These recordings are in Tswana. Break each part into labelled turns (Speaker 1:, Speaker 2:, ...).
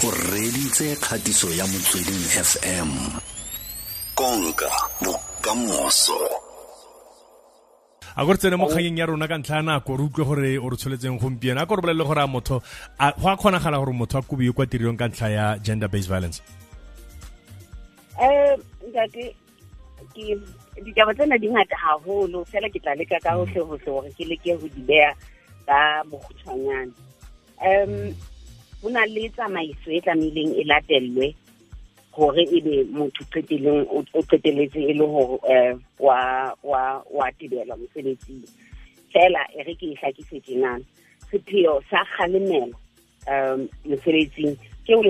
Speaker 1: o reditse kgatiso ya motsweding fm konka bokamoso a gore tsene mo kganyeng ya rona ka ntlha ya nako re utlwe gore o re tsholetseng gompieno a ko re bolelele gore a motho go a kgonagala gore motho a kobiwe kwa tirong ka ntlha ya gender based violence
Speaker 2: um ntate ditaba tsena di ngata gagolo fela ke tla leka ka gotlhegotlhe gotlhe gore ke leke go di beya ka bokgutshwanyane um go na le tsamaiso e tlamehileng e latelwe gore e be motho qeteleng o qeteletse e le gore eh, wa wa wa tibelwa mosebetsing fela e re ke e tlhakisetsenana sepheo sa kgalemelo um mosebetsing ke o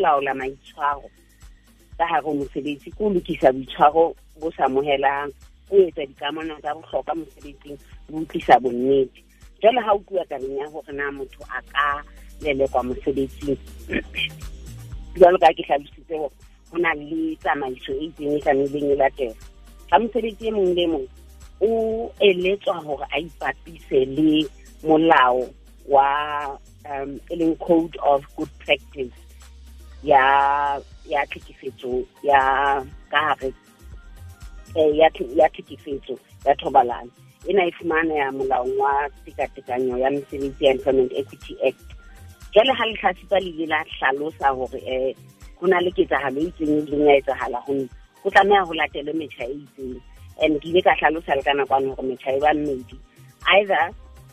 Speaker 2: laola maitshwaro ka gare mosebetsi ke o lokisa boitshwaro bo sa amogelang o etsa dikamano tsa botlhokwa mosebetsing bo utlwisa bonnete jalo ga o tlua tabeng ya gore na motho a ka lelekwa mosebetsing jalo ka ke tlhalositse gore go na le tsamaiso e itseng e tlameileng e latela ga mosebetsi e mongwe le mongwe o eletswa gore a ipapise le molao wa um, e leng code of good practice ya ya tlhekefetso ya ka eh, ya tlhekefetso ya thobalano e na e fumana ya molaong wa tekatekanyo ya mesebetsi ya employment equity act jale ga letlhatsitsa le ile la tlhalosa gore um eh, go na le ketsagalo e itseng e leng ya etsagala gonne go tlameya go latelwe metšha e itseng and ke ile ka tlhalosa le ka nakwane gore metšha e ba mmedi either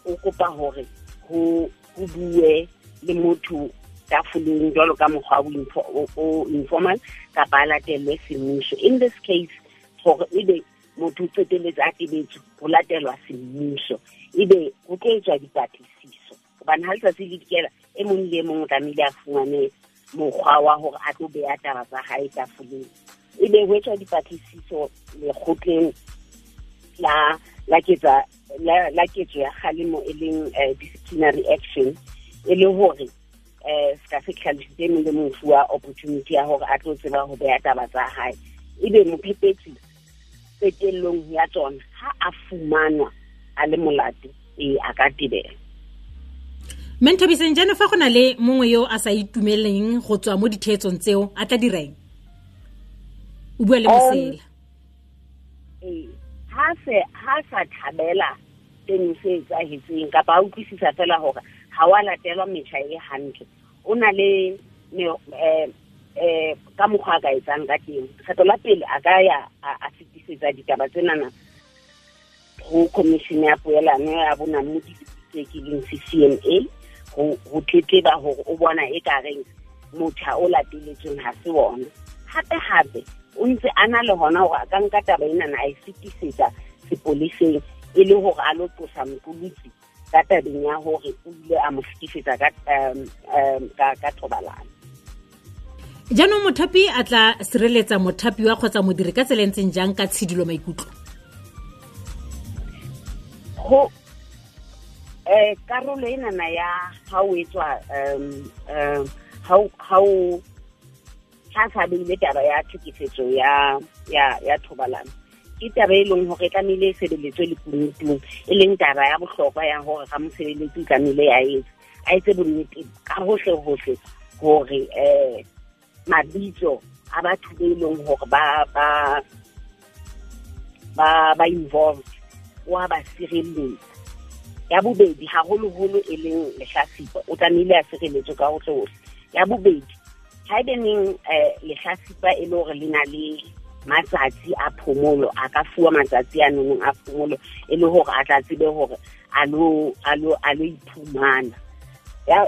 Speaker 2: o kopa gore go bue le motho ka foleng jalo ka mokgwa o informal kapa a latelwe semmuso in this case gore ebe motho o tseteletse a tebetso go latelwa semmuso ebe go tlo etswa dipatlisiso gobane ga letsatsi le dikela e mongwe le e mongwe o tlamehile a fumane mokgwa wa gore a tlo beya taba tsa gae tafoleng ebe go etswa dipatlisiso lekgotleng la la ketsa la la ketso ya galemo e leng eh, disciplinary action e le gore um eh, se ka se tlhalositse e mongwe le mongwe opportunity ya gore a tlo tseba go beya taba tsa gae ebe mophepetsi qetellong ya tsona ha a fumanwa a le molate e a ka tebela mentobiseng jaanon fa go na le mongwe yo a sa itumeleng go tswa mo ditheetsong tseo a tla direng o bua le um, mosela e, ha se ha sa thabela seno se e etsagetseng kapa a utlwisisa fela gore ga wa latelwa metšha e hantle o na le um ka mokgwa a ka etsang ka teng kgetlo la pele a ka ya a taba ditaba tsenana go commission ya poelano ya bonang mo tsekileng c c m a go tletleba gore o bona e kareng motšha o lateletsweng ga se one gape-gape o ntse a na le gona gore a ka nka taba enana a e fetisetsa sepoleseng e le gore a lotlosa tlosa ka tabeng ya gore o ile a mo fetisetsa ka thobalano jaanong mothapi a tla sireletsa mothapiwa kgotsa modiri ka tsela e ntseng jang ka tshedilo maikutlo go eh karolo nana ya ga o etswa um um ga sa beile taba ya tlhekefetso ya ya thobalano ke taba e leng gore e tlamehile e sebeletswe le kunutung e leng taba ya botlhokwa ya gore ga mosebeletsi tlamehile a etse a etse bonnete ka gotlhe gotlhe gore um eh, mabitso a batho be e leng gore ba ba involved o a ba sireletsa ya bobedi haholo-holo e leng lehlatsipa o tlamehile a sireletso ka go tlohle ya bobedi ga e ebeneng um eh, lehlatsipa e le gore le na le matsatsi a phomolo a ka fuwa matsatsi a nonong a phomolo e le gore a tla tsebe gore a lo iphumana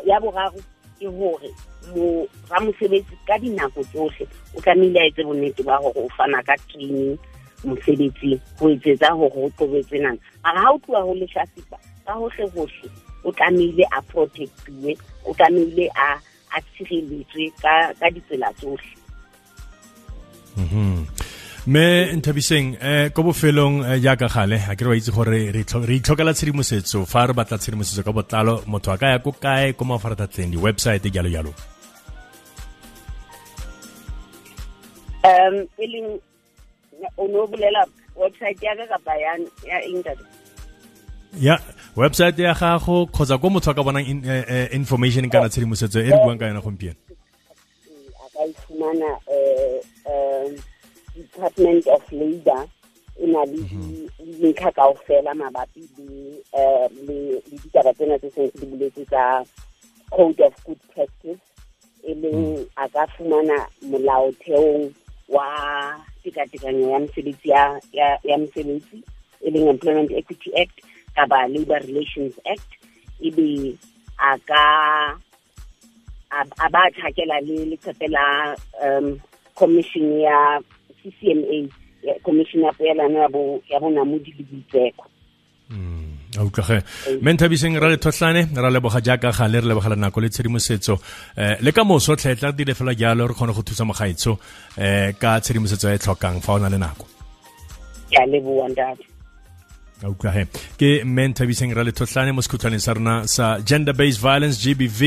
Speaker 2: ya boraro ke hore mo ramosebetsi ka dinako tsohle o tlamehile a etse bonnete ba o fana ka training mosebetsing etsetsa nana mara o ka o tlamehile a protectiwe o tlamehile a tshireletswe ka ditsela tsohle
Speaker 1: mhm me nthabiseng um ko bofelong eh, jaaka gale a ke re wa itse gore re itlhokela tshedimosetso fa re batla tshedimosetso ka botlalo motho a ka ya ko kae ko mafaratlhatlheng di-website jalo jalo
Speaker 2: e ya
Speaker 1: ya website ya gago kgotsa ko motho a ka bonang eh, information kana tshedimosetso e re buang ka yona gompieno
Speaker 2: a ka ifumana e um department of labor e na le mhm. dintlha kao fela mabapi eh, le ditaba tsena tse seng se di buletse tsa code of good practice e leng mhm. a ka fumana molaotheong wa tekatekanyo ya mosebetsi ya mosebetsi e leng employment equity act kaba labor relations act e be a ka a ba tlhakela le letshepe la um commission ya ke CMA commission ya peelano ya bonamodi le boitseko
Speaker 1: mm, a utlwage mme ra le thotlane ra leboga jaaka ga le re lebogela nako le tshedimosetso um le ka moso tlhe tla dire fela jalo re kgone go thusa mogaetsho um eh, ka tshedimosetso e, e tlhokang fa o na le nako
Speaker 2: ke a leboa ntate
Speaker 1: a ke men thabiseng ra letlotlane mo sekhutlhwaneng sa rona sa gender based violence gbv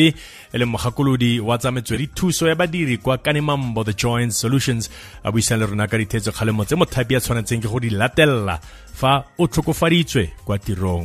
Speaker 1: e leng mogakolodi wa tsa thuso ya badiri kwa kanemambo the joint solutions a buisang le rona ka dithetso kgalemo tse mothapi a tshwanetseng ke go di latelela fa o tlhokofaditswe kwa tirong